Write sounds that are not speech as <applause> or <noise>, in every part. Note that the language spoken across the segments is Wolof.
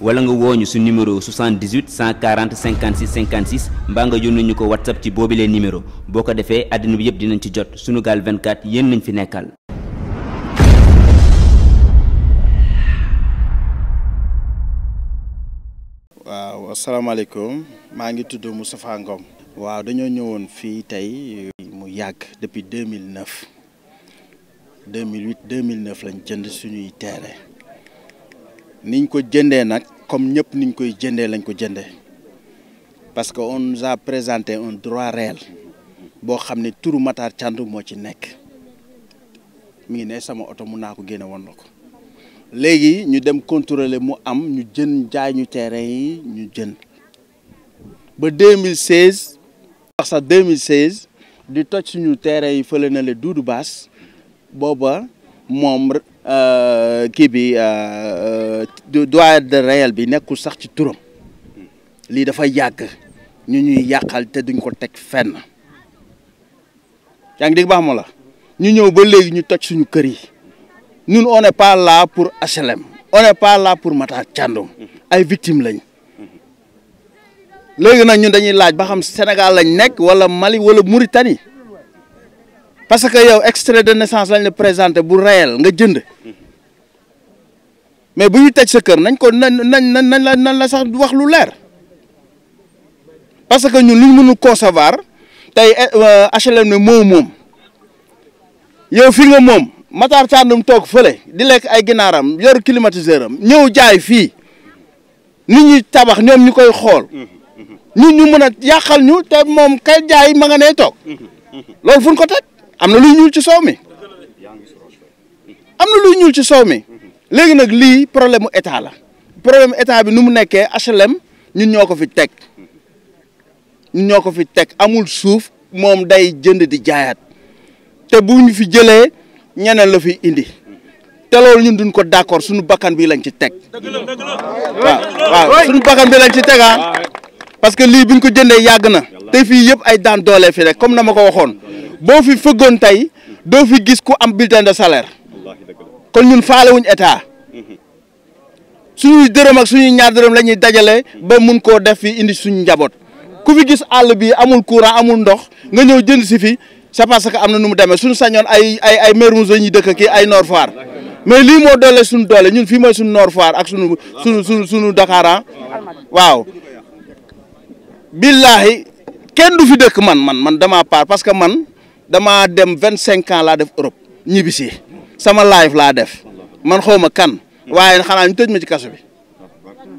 wala nga wooñu su numéro 78 140 56 56 mbaa nga yónnee ñu ko whatsapp ci boobilee numéro boo ko defee àddina bi yëpp dinañ ci jot Sunugal 24 yéen nañ fi nekkal waaw asalaamaaleykum maa ngi tudd Moustapha Ngom waaw dañoo ñëwoon fii tey euh, mu yàgg depuis 2009 2008 2009 lañ jënd suñuy terrain niñ ko jëndee nag comme ñëpp niñ koy jëndee lañ ko jëndee parce que on nous a présenté un droit réel boo xam ne turu Matar Thiandoum moo ci nekk mu ngi ne sama oto mun naa ko génne won na ko léegi ñu dem contrôler mu am ñu jën jaay ñu terrain yi ñu jën ba 2016 wax sax 2016 di toj suñu terrain yi fële na le Doudou baas booba moom Euh, kii bi euh, euh, doyen de réel bi nekkul sax ci turam lii dafa yàgg ñu ñuy yàqal te duñ ko teg fenn yaa ngi dégg baax ma la ñu ñëw ba léegi ñu toj suñu kër yi ñun on pas là pour HLM on est pas là pour Matar Thiandoum ay victimes lañ léegi nag ñun dañuy laaj ba xam Sénégal lañ nekk wala Mali wala Mauritanie parce que yow extrait de naissance lañ ne présenté bu réel nga jënd mais bu ñu tej sa kër nañ ko nañ nañ nañ la nañ la sax wax lu leer parce que ñu li ñu mënul concevoir tey HLM eh, H&M ne moom moom yow fi nga moom Matar Thiandoum toog fële di lekk ay ginaaram yor climatiseur am ñëw jaay fii nit ñuy tabax ñoom ñu koy xool mm-hmm. ñun ñu mën a yàqal ñu te moom ka jaay ma nga toog mm-hmm. Mm-hmm. loolu fu ñu ko teg am na luy ñuul ci soow mi am na luy ñuul ci soow mi léegi nag lii problème mu état la problème état bi nu mu nekkee HLM ñun ñoo ko fi teg ñun ñoo ko fi teg amul suuf moom day jënd di jaayaat te bu ñu fi jëlee ñeneen la fi indi te loolu ñun duñ ko d'accord suñu bakkan bi lañ ci teg waaw waaw suñu bakkan bi lañ ci teg ah parce que lii biñ ko jëndee yàgg na te fii yëpp ay daan doole fi rek comme na ma ko waxoon boo fi fëggoon tey doo fi gis ku am bulletin de salaire kon ñun faalewuñ état suñuy dërëm ak suñu ñaar dërëm la ñuy dajale ba mun koo def fi indi suñu njaboot ku fi gis àll bi amul courant amul ndox nga ñëw jënd si fi c'est parce que am na nu mu demee suñu sañoon ay ay ay Mermoz la ñuy dëkk kii ay Nord Foire mais lii moo doole suñu doole ñun fii mooy suñu Nord ak suñu suñu suñu suñu Dakar ah. waaw billaahi kenn du fi dëkk man man man dama paar parce que man damaa dem vingt cinq ans laa def Europe ñibbisi sama live laa def man xaw ma kan waaye xanaa ñu tëj ma ci kaso bi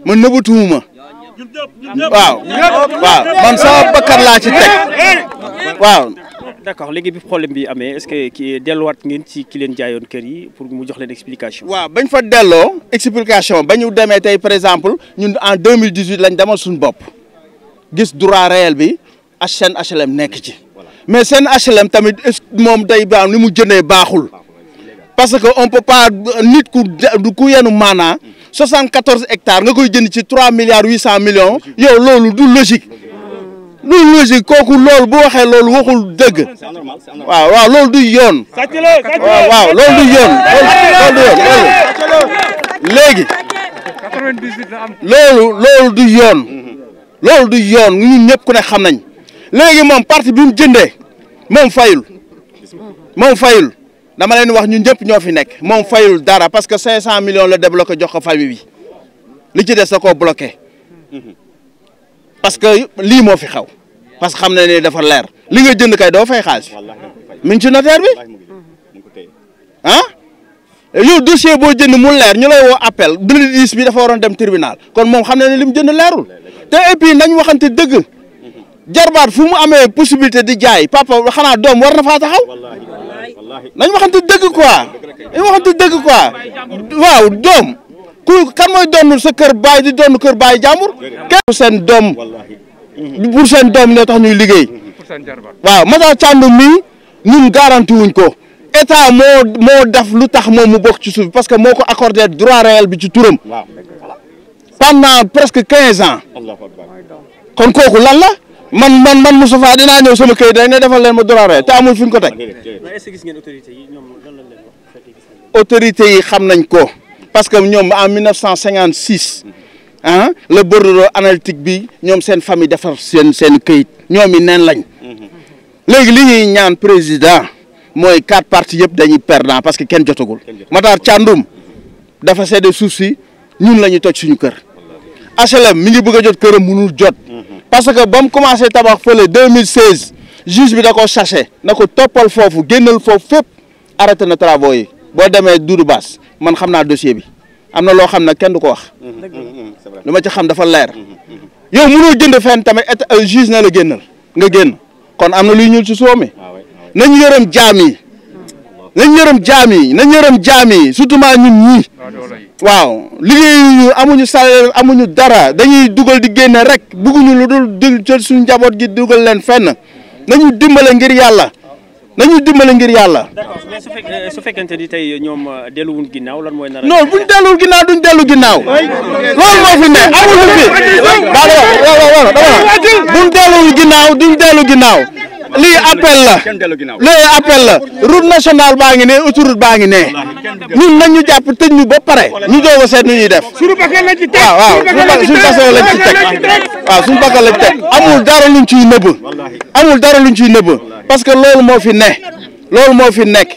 man nëbbatuwuma waaw waaw man sama bakkan laa ci teg waaw. léegi bi problème bi amee est-ce que ki delluwaat ngeen ci ki leen jaayoon kër yi pour mu jox leen explication. waaw bañ fa delloo explication ba ñu demee tey par exemple ñun en mille 2018 lañ demal suñu bopp gis droit réel bi HN HLM nekk ci. mais seen HLM tamit moom day baax ni mu jëndee baaxul parce que on peut pas nit ku ku yenu maanaa 74 hectares nga koy jënd ci 3 milliards 800 millions yow loolu du logique du logique kooku loolu bu waxee loolu waxul dëgg waaw waaw loolu du yoon waaw waaw loolu du yoon loolu du yoon léegi loolu loolu du yoon ku ne xam nañ léegi moom parti bi mu jëndee moom fayul moom fayul dama leen wax ñun ñëpp ñoo fi nekk moom fayul dara parce que cinq cent millions la débloqué jox ko fay bi li ci des da koo bloqué parce que lii moo fi xaw parce que xam na ne dafa leer li nga jënd kay doo fay xaalis mi ngi ci notaire bi ah yow dossier boo jënd mu leer ñu la woo appel blidis bi dafa waroon dem tribunal kon moom xam na ne li mu jënd leerul te et puis nañ waxante dëgg jarbaat fu mu amee possibilité di jaay papa xanaa doom war na faa taxaw nañ waxante dëgg quoi nañ waxante dëgg quoi waaw doom ku kan mooy doon sa kër baay di doon kër baay jàmbur kenn seen doom pour seen doom nee tax ñuy liggéey waaw ma Thiandoum mi ñun garanti wuñ ko état moo moo def lu tax moom mu bokk ci suuf parce que moo ko accordé droit réel bi ci turam pendant presque quinze ans kon kooku lan la man man man Moustapha dinaa ñëw sama këyit rek ne defal leen ma doraree te amul fu ñu ko teg. autorités yi xam nañ ko parce que ñoom en 1956 ah le bordereau analytique bi ñoom seen famille defar seen seen këyit ñoom yi neen lañ. Mhm. léegi li ñuy ñaan président mooy quatre parties yëpp dañuy perdant parce que kenn jotagul. Matar Thiandoum dafa seede suuf si ñun la ñu toj suñu kër. HLM mi ngi bëgg a jot këram mënul jot. Mhm. parce que ba mu commencé tabax fële 2016 juge bi da ko chaché na ko toppal foofu génnal foofu fépp arrêté na travaux yi boo demee du Doudou Bass man xam naa dossier bi am na loo xam ne kenn du ko wax. lu ma ci xam dafa leer. yow mënoo jënd fen tamit et euh, juge na la génnal nga génn kon am na luy ñuul ci soome ah ah nañ yërëm jaam yi nañ yërëm jaam yi jaam surtout ma ñun ñii. waaw liggéeyuñu amuñu sa amuñu dara dañuy dugal di génne rek bugguñu lu dul dul jël suñu njaboot gi dugal leen fenn nañu dimbale ngir yàlla nañu dimbale ngir yàlla. d'accord mais su fekkee su fekkente ni tey ñoom euh, delluwul ginnaaw lan mooy. non buñ delluwul ginnaaw duñ dellu ginnaaw. loolu moo fi ne amul fi. waaw waaw waaw dama buñ delluwul ginnaaw duñ dellu ginnaaw. li appel la lii appel la route nationale baa ngi ne autoroute baa ngi ne ñun nañu jàpp tëj ñu ba pare ñu doog seet nu ñuy def waaw waaw suñu bakkan lañ ci teg amul dara luñ ciy nëbb amul dara luñ ciy nëbb parce que loolu moo fi ne loolu moo fi nekk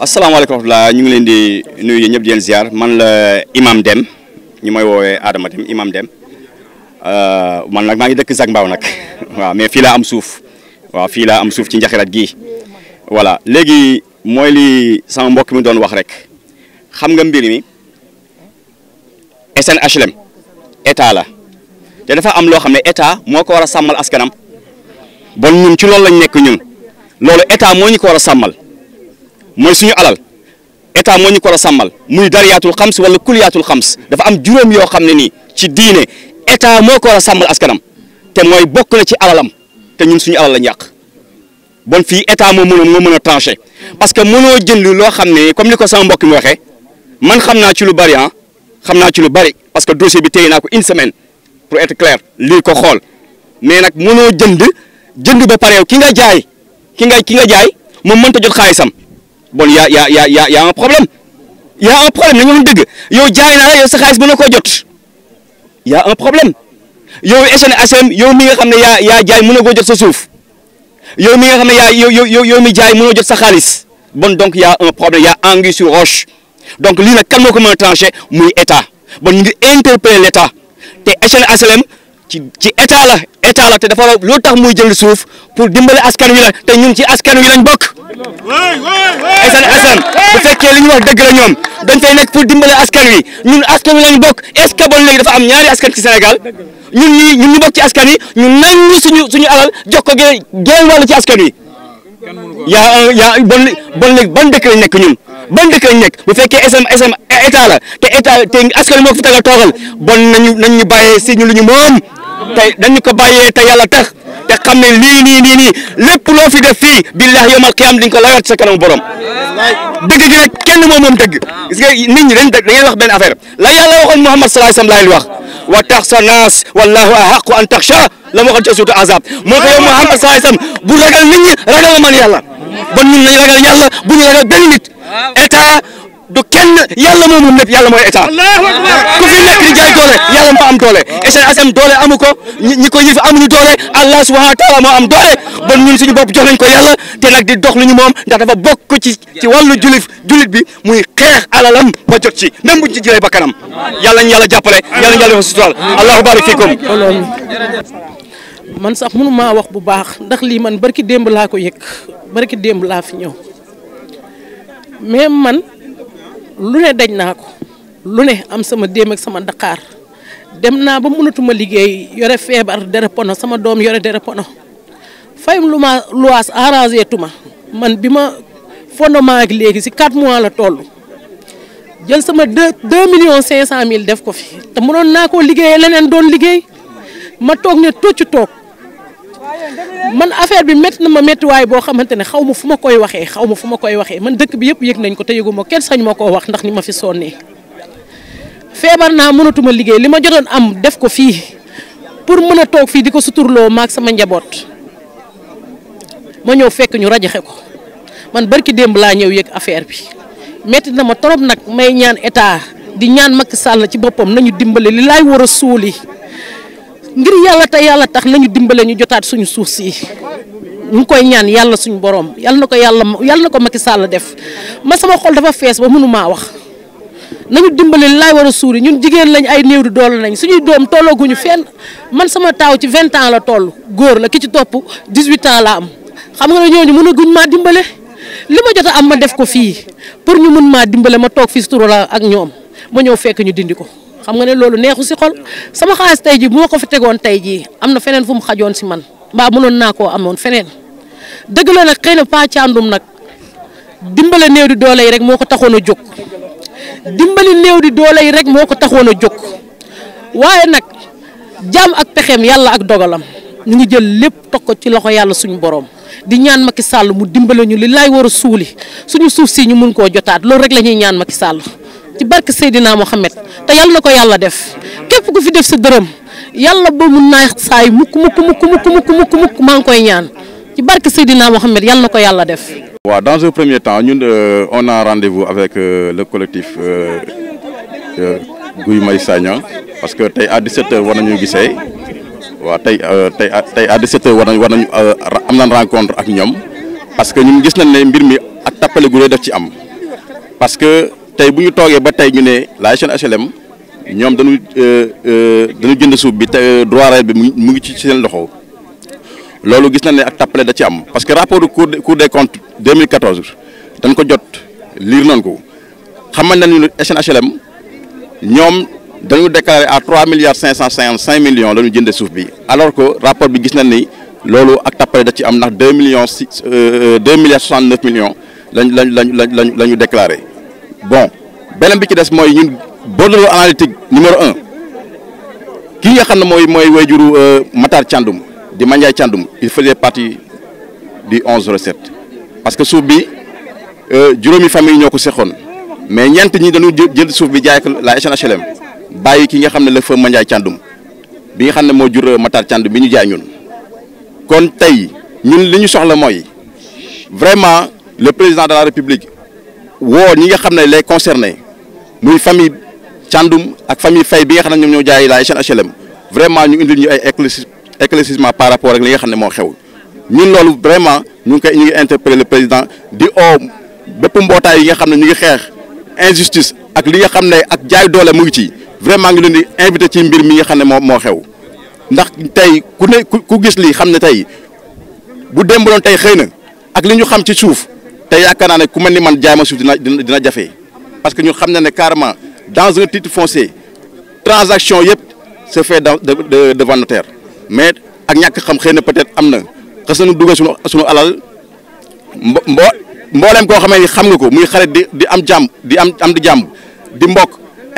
asalaamaaleykum rahmatulah ñu ngi leen di nuyu ñëpp di leen ziar man la imam Deme ñu may woowee Adama Deme imam Deme euh, man nag maa ngi dëkk Zac Mbao nag <laughs> waaw mais fii laa am suuf waaw fii laa am suuf ci njaxirat gii voilà léegi mooy li sama mbokk mi doon wax rek xam nga mbir mi SNHLM état la te dafa am loo xam ne état moo ko war a sàmmal askanam bon ñun ci loolu lañ nekk ñun loolu état moo ñu ko war a sàmmal mooy suñu alal état moo ñu ko war a sàmmal muy dariyaatul xams wala kuliyaatul xams dafa am juróom yoo xam ne nii ci diine état moo ko war a sàmmal askanam te mooy bokk na ci alalam. te ñun suñu alal la yàq bon fii état moo mënoon moo mën a tranché parce que mënoo jënd loo xam ne comme ni ko sama mbokk mi waxee man xam naa ci lu bari ah xam naa ci lu bari parce que dossier bi tey naa ko une semaine pour être clair lii ko xool mais nag mënoo jënd jënd ba pare ki nga jaay ki nga ki nga jaay moom mënta jot xaalisam bon y' a y' a y' yaa yaa a un problème y' a un problème nañu wax dëgg yow jaay naa la yow mën na koo jot y' un problème. yow SN HLM yow mi nga xam ne yaa yaa jaay mu a koo jot sa suuf yow mi nga xam ne yaa yow yow yow mi jaay mënoo jot sa xaalis bon donc y' a un problème y' a anguille sur roche donc lii na kan moo ko mën a tranché muy état bon ñu ngi interpellé l' état te SN HLM ci ci état la état la te dafa loolu tax muy jël suuf pour dimbale askan wi la te ñun ci askan wi lañ bokk. SN HLM fekkee li ñu wax dëgg la ñoom dañ fay nekk pour dimbale askan wi ñun askan wi lañ bokk est ce que bon léegi dafa am ñaari askan ci Sénégal. ñun ñii ñun ñu bokk ci askan wi ñu nangu suñu suñu alal jox ko gën ci askan wi yaa yaa bon bon léegi ban dëkk lañ nekk ñun ban dëkk nekk bu fekkee SM SM état la te état te askan wi moo ko fi tagal toogal bon nañu nañ ñu bàyyee si ñu lu ñu moom te ko bàyyee te yàlla tax te xam ne lii nii nii nii lépp loo fi def fii billahi yawmal qiyaam dañ ko lawaat sa kanam borom dëgg gi nag kenn moom moom dëgg gis nga ñu ñi dañ da ngay wax benn affaire la yàlla waxoon Muhammad sallallahu alayhi wasallam laay wax wa taxsa naas wallahu ahaqu an taxsha la ma waxoon ci suutu azab moo ko yow Muhammad sallallahu alayhi wasallam bu ragal nit ñi ragal man yàlla bon ñun nañ ragal yàlla bu ñu ragal benn nit état du kenn yàlla moomum lépp yàlla mooy état ku fi nekk di jaay doole yàlla moo am doole SNHLM doole amu ko ñi ko yëf amuñu doole allah subhanahu wa taala moo am doole bon ñun suñu bopp jox nañ ko yàlla te nag di dox lu ñu moom ndax dafa bokk ci ci wàllu jullit jullit bi muy xeex alalam ba jot ci même buñ ci jëlee bakkanam yàlla ñu yàlla jàppale yàlla ñu yàlla defal sutural allahu barik fiikum man sax mënu wax bu baax ndax lii man barki démb laa ko yëg barki démb laa fi ñëw lu ne daj naa ko lu ne am sama déem ak sama daqaar dem naa ba munatuma liggéey yore feebar dere pono sama doom yore dere pono fayum lu ma luwaas arrangé tuma man bi ma fondement ak léegi si 4 mois la toll jël sama 2 2 cinq cent mille def ko fi te munoon naa koo liggéeyee leneen doon liggéey ma toog ne tocc toog. man affaire bi métti na ma méttiwaay boo xamante ne xaw ma fu ma koy waxee xaw ma fu ma koy waxee man dëkk bi yëpp yëg nañ ko te yëgu ma kenn sañ ma koo wax ndax ni ma fi sonnee feebar naa mënatuma liggéey li ma jotoon am def ko fii pour mën a toog fii di ko suturloo maak sama njaboot ma ñëw fekk ñu rajaxe ko man barki démb laa ñëw yëg affaire bi métti na ma trop nag may ñaan état di ñaan makk Sall ci boppam nañu dimbale li laay war a suuli ngir yàlla te yàlla tax nañu dimbale ñu jotaat suñu suuf sii ñu koy ñaan yàlla suñu borom yàlla na ko yàlla yàlla na ko Macky Sall def ma sama xol dafa fees ba maa wax nañu dimbale laay war a suuri ñun jigéen lañ ay néew di nañ suñuy doom tollooguñu fenn man sama taaw ci vingt ans la toll góor la ki ci topp dix-huit ans la am xam nga ne ñooñu mënaguñ maa dimbale li ma jot a am ma def ko fii pour ñu mën maa dimbale ma toog fii sutura la ak ñoom ma ñëw fekk ñu dindi ko xam nga ne loolu neexu si xol sama xaalis tey jii bu ma ko fa tegoon tey jii am na feneen fu mu xajoon si man mbaa mënoon naa koo amoon feneen dëgg la nag xëy na Pa Thiandoum nag dimbale néew di doole rek moo ko taxoon a jóg dimbali néew di doole yi rek moo ko taxoon a jóg waaye nag jàmm ak pexeem yàlla ak dogalam ñu ngi jël lépp tog ko ci loxo yàlla suñu borom di ñaan Macky sàll mu dimbale ñu li laay war a suuli suñu suuf si ñu mun koo jotaat loolu rek la ñuy ñaan Macky sàll ci barke Seydina Mohamed te yàlla na ko yàlla def képp ku fi def sa dërëm yàlla ba mu naax saay mukk mukk mukk mukk mukk maa ngi koy ñaan ci barke Seydina Mohamed yàlla na ko yàlla def. waa dans un premier temps ñun euh, on a rendez-vous avec euh, le collectif euh, Guy Marius Sagna parce que tey à 17h war nañu gisee waaw tey tey tey à 17h war nañu war nañu am nañ rencontre ak ñoom parce que ñun gis nañ ne mbir mi ak tappale gu def ci am parce que. tey bu ñu toogee ba tey ñu ne la chaîne HLM ñoom dañu euh, euh, dañu jënd suuf bi te euh, droit rail bi mu ngi ci seen loxo loolu gis na ne ak tappale da ci am parce que rapport du cour cour des comptes 2014 dañ ko jot liir nañ ko xamal nañu nu chaîne HLM ñoom dañu déclaré à 3 milliards 555 millions la ñu jëndee suuf bi alors que rapport bi gis nañ ni loolu ak tappale da ci am ndax 2 millions 6 2 milliards 69 millions lañ lañ lañ lañ lañ la ñu déclaré. bon beneen bi ci des mooy ñun bordereau analytique numéro en kii nga xam ne mooy mooy wayjuru euh, Matar candum di Mandiaye candum il faisait partie du 11 recette parce que suuf bi euh, juróomi famille ñoo ko seqoon mais ñeent ñi dañu jël suuf bi jaay ko la SNHLM bàyyi ki nga xam ne la fa Mandiaye Thiandoum bi nga xam ne moo jur euh, Matar Thiandoum bi ñu jaay ñun kon tey ñun li ñu soxla mooy vraiment le président de la république woo ñi nga xam ne les concerné muy famille Thiandoum ak famille Faye bi nga xam ne ñoom ñoo jaay laay seen HLM vraiment ñu indil ñu ay éclairci éclaircissement par rapport ak li nga xam ne moo xew ñun loolu vraiment ñu ngi koy ñu ngi interpellé le président di oo bépp mbootaay yi nga xam ne ñu ngi xeex injustice ak li nga xam ne ak jaay doole mu ngi ci vraiment ngi leen di invité ci mbir mi nga xam ne moo moo xew ndax tey ku ne ku gis li xam ne tey bu démb doon tey xëy na ak li ñu xam ci suuf. te yaakaar naa ne ku mel ni man jaay ma suuf dina dina jafe parce que ñun xam na ne carrément dans un titre foncé transaction yëpp se fait dans de devant mais ak ñàkk xam xëy na peut-être am na xas nañu dugal suñu suñu alal mbo mbooleem koo xamee ni xam nga ko muy xarit di di am jàmm di am am di jàmm di mbokk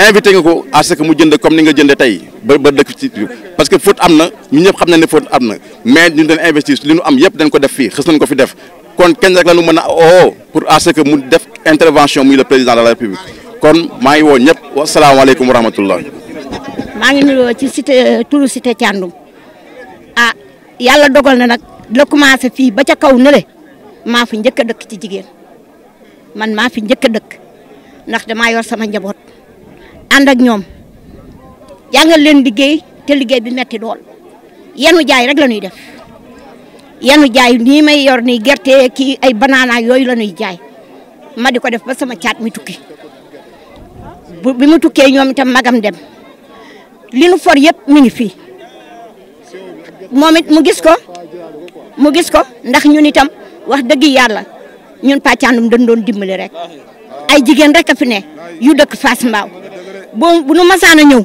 invité nga ko à ce mu jënd comme ni nga jënde tey ba ba dëkk ci parce que faute am na ñu ñëpp xam nañ ne faute am na mais ñu dañ investir li ñu am yëpp dañ ko def fii xës nañ ko fi def kon kenn rek la nu mën a oo pour à mu def intervention muy le président de la kon maa ngi woo ñëpp wasalaamaaleykum wa rahmatullah. maa ngi nuyoo ci cité turu cité Thiandoum a ah, yàlla dogal na nag la commencé fii ba ca kaw nële maa fi njëkk a dëkk ci jigéen man maa fi njëkk dëkk ndax damaa yor sama njaboot ànd ak ñoom jàngal leen liggéey te liggéey bi metti dool yenu jaay rek la ñuy def. yanu jaay nii ma yor nii gerte kii ay banana yooyu la jaay ma di ko def ba sama caat mi tukki bi mu tukkee ñoom itam magam dem li nu for yëpp ngi fii moom it mu gis ko mu gis ko ndax ñun itam wax dëgg yàlla ñun pàccaanum dañ doon dimbali rek ay jigéen rek a fi ne yu dëkk Fass Mbao bu nu masaana ñëw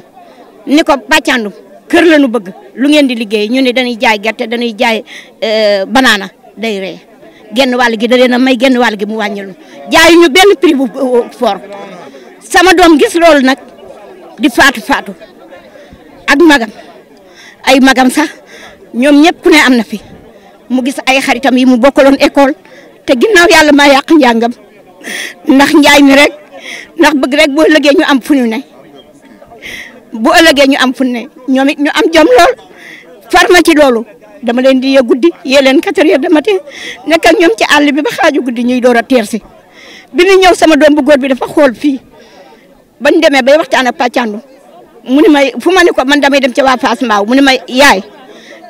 ni ko pàccaanum kër la ñu bëgg lu ngeen di liggéey ñu ne dañuy jaay gerte dañuy jaay euh, banaana day ree genn wàll gi da leen a may genn wàll gi mu wàññilu jaay ñu benn prix bu fort sama doom gis loolu nag di faatu faatu ak magam ay magam sax ñoom ñëpp ku ne am na fi mu gis ay xaritam yi mu bokkaloon école te ginnaaw yàlla maa yàq njàngam <laughs> ndax njaay mi rek ndax bëgg rek boo lëggee ñu am fu ñu ne bu ëllëgee ñu am fu ne ñoom it ñu am jom lool farma ci loolu dama leen di yee guddi yee leen quatre heures de matin nekk ak ñoom ci àll bi ba xaaju guddi ñuy door a teer si bi ñu ñëw sama doom bu góor bi dafa xool fii bañ demee bay waxtaan ak pàccandu mu ni may fu ma ni ko man damay dem ca waa Fass Mbaaw mu ni may yaay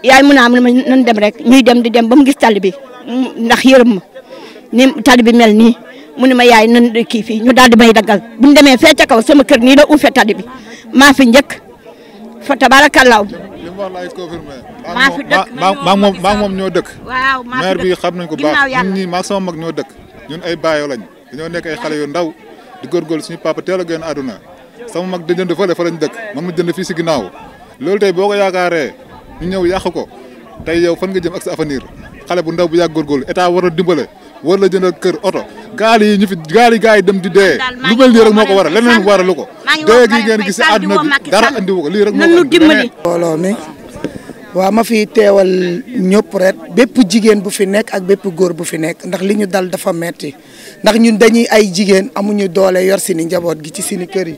yaay mu naa mu ni ma nan dem rek ñuy dem di dem ba mu gis tali bi ndax yërëm ma ni tali bi mel nii mu ni ma yaay nan kii fii ñu daal di may daggal bu ñu demee fe ca kaw sama kër nii la uufe tali bi maa fi njëkk fa tabarakallaw li mu wax laay maa fi maa moom ñoo dëkk waaw maire bi xam nañ ko baax ñun ñii maa sama mag ñoo dëkk ñun ay baayo lañ ñoo nekk ay xale yu ndaw di góorgóorlu suñu papa teel a génn àdduna sama mag da jënd fële fa lañ dëkk man ma jënd fii si ginnaaw loolu tey boo ko yaakaaree ñu ñëw yàq ko tey yow fan nga jëm ak sa avenir xale bu ndaw bu yàgg góorgóorlu état war a dimbale war la jëndal kër oto gaal yi ñu fi gaal yi gars yi dem di dee lu mel nii rek moo ko waral leneen waralu ko dee gi ngeen gis si àdduna bi dara andiwu ko lii rek moo ko mbooloo mi waaw ma fi teewal ñëpp rek bépp jigéen bu fi nekk ak bépp góor bu fi nekk ndax li ñu dal dafa metti ndax ñun dañuy ay jigéen amuñu doole yor si ni njaboot gi ci sini kër yi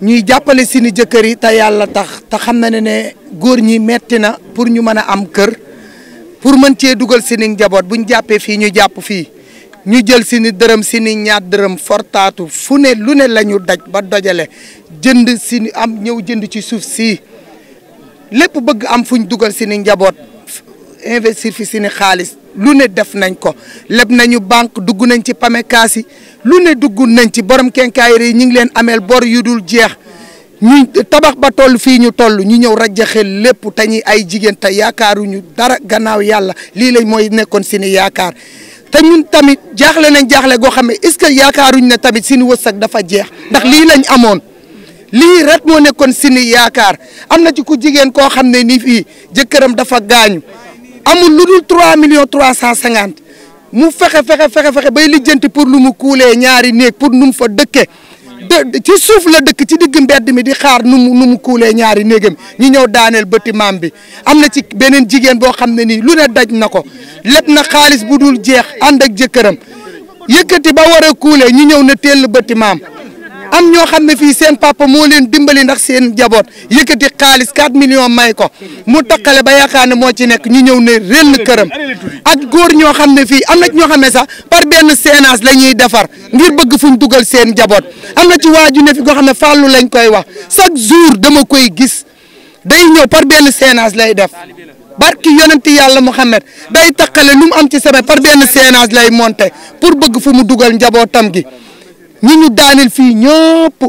ñuy jàppale sini jëkkër yi te yàlla tax te xam na ne ne góor ñi metti na pour ñu mën a am kër pour mën cee dugal si ni njaboot bu ñu jàppee fii ñu jàpp fii ñu jël si ni dërëm si ni ñaar dërëm fortaatu fu ne lu ne lañu ñu daj ba dojale jënd si ni am ñëw jënd ci suuf si lépp bëgg am fu ñu dugal si ni njaboot investir fi si ni xaalis lu ne def nañ ko leb nañu banque dugg nañ ci pamekaas yi lu ne dugg nañ ci borom kenkaayir yi ñu ngi leen ameel bor yu dul jeex ñu tabax ba toll fii ñu toll ñu ñëw rajaxel lépp te ñi ay jigéen te yaakaaruñu dara gannaaw yàlla lii lañ mooy nekkoon seeni yaakaar te ñun tamit jaaxle nañ jaaxle goo xam ne est-ce que yaakaaruñ ne tamit suñu wërsëg dafa jeex ndax lii lañ amoon lii ret moo nekkoon suñu yaakaar am na ci ku jigéen koo xam ne nii fii jëkkëram dafa gaañu amul lu dul trois million trois cent cinquante mu fexe fexe fexe bay lijjanti pour lu mu kuulee ñaari néeg pour nu mu fa dëkkee ci suuf la dëkk ci digg mbedd mi di xaar nu mu ñaari néegam ñi ñëw daaneel bëti maam bi am na ci beneen jigéen boo xam ne ni lu ne daj na ko lépp na xaalis bu dul jeex ànd ak jëkkëram yëkkati ba ware a kuulee ñi ñëw na teel bëti maam am ñoo xam ne fii seen papa moo leen dimbali ndax seen jaboot yëkkati xaalis 4 millions may ko mu takkale ba yaakaar ne moo ci nekk ñu ñëw ne renn këram ak góor ñoo xam ne fii am na ñoo xam ne sax par benn séance la ñuy defar ngir bëgg fu mu dugal seen njaboot am na ci waaju ne fi nga xam ne fàllu lañ koy wax chaque jour dama koy gis day ñëw par benn séance lay def barki yonenti yàlla Muhammad day takkale lu mu am ci semaine par benn séance lay monter pour bëgg fu mu dugal njabootam gi ñu ñu daaneel fii ñëpp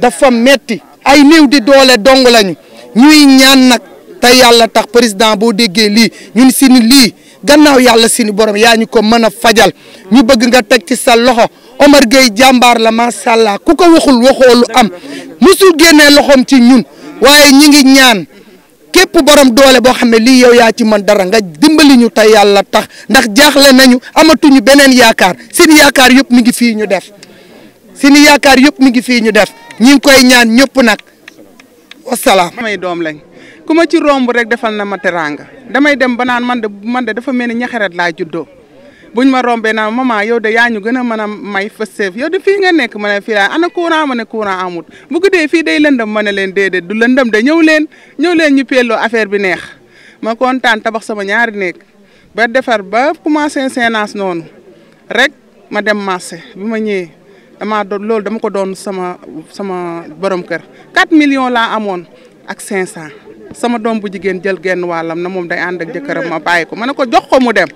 dafa metti ay néew di doole dong lañu ñuy ñaan nag te yàlla tax président boo déggee lii ñun si ni lii gannaaw yàlla si ni borom yaa ñu ko mën a fajal ñu bëgg nga teg ci sa loxo Omar Gueye jàmbaar la macha allah ku ko waxul waxoo lu am musul génnee loxoom ci ñun waaye ñu ngi ñaan. képp borom doole boo xam ne lii yow yaa ci man dara nga dimbali ñu tey yàlla tax ndax jaaxle nañu amatuñu beneen yaakaar seen yaakaar yëpp mi ngi fii ñu def seen yaakaar yëpp mi ngi fii ñu def ñi ngi koy ñaan ñëpp nag wasalaam. damay doom lañ ku ma ci romb rek defal na ma teraanga damay dem ba naan man de man de dafa mel ni ñaxeret laa juddoo. buñ ma rombee naa maman yow de yaa ñu gën a mën a may fa seef yow de fii nga nekk ma ne fii laa ana courant ma ne courant amut bu guddee fii day lëndëm ma ne leen déedéet du lëndëm da ñëw leen ñëw leen ñu pelloo affaire bi neex ma kontaan tabax sama ñaari néeg ba defar ba commencé séance noonu rek ma dem marché bi ma ñëwee damaa doon loolu dama ko doon sama sama borom kër 4 million laa amoon ak 500 sama doom bu jigéen jël genn wàllam na moom day ànd ak jëkkëram ma bàyyi ko ma ne ko jox ko mu dem.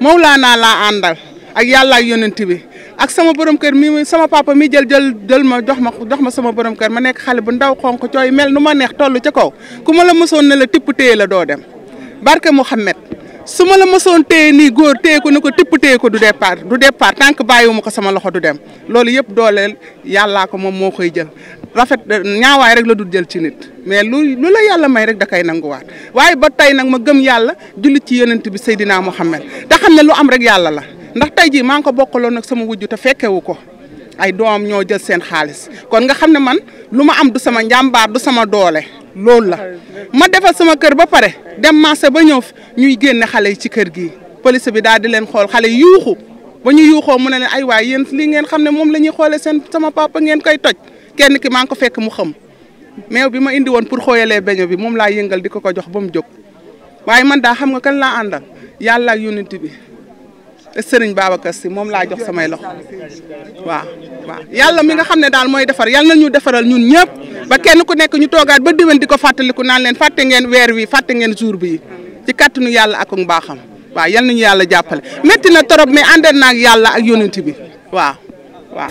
Mawlaana laa naa àndal ak yàlla ak bi ak sama borom kër mi sama papa mi jël jël jël ma jox ma jox ma sama borom kër ma nekk xale bu ndaw xonk cooy mel nu ma neex toll ca kaw ku ma la mësoon ne la tipp téye la doo dem barke Mouhamed su ma la mosoon téye nii góor téye ko ne ko tipp téye ko du départ du départ tant que bàyyiwuma ko sama loxo du dem loolu yëpp dooleel yàllaa ko moom moo koy jël rafet ñaawaay rek la du jël ci nit mais lu lu la yàlla may rek da kay nanguwaat waaye ba tey nag ma gëm yàlla jullit ci yonent bi Seydina Muhammad te xam ne lu am rek yàlla la ndax tey jii maa ngi ko bokkaloon nag sama wujj te fekkewu ko ay doom ñoo jël seen xaalis kon nga xam ne man lu ma am du sama njàmbaar du sama doole loolu la ma defal sama kër ba pare dem marché ba ñëw ñuy génne xale yi ci kër gi police bi daal di leen xool xale yi yuuxu ba ñu yuuxoo mu ne leen ay waay yéen lii ngeen xam ne moom la ñuy xoolee seen sama papa ngeen koy toj kenn ki maa ngi ko fekk mu xam meew bi ma indi woon pour xooyalee beño bi moom laa yëngal di ko ko jox ba mu jóg waaye man daa xam nga kan laa àndal yàlla ak yonent bi sëriñ Babacar si moom laa jox samay loxo waaw waaw yàlla mi nga xam ne daal mooy defar yàlla na ñu defaral ñun ñëpp ba kenn ku nekk ñu toogaat ba déwén di ko fàttaliku naan leen fàtte ngeen weer wi fàtte ngeen jour bi ci kàttanu yàlla ak mbaaxam waaw yal nañu yàlla jàppale métti na torop mais àndeen naag yàlla ak yonent bi waa waaw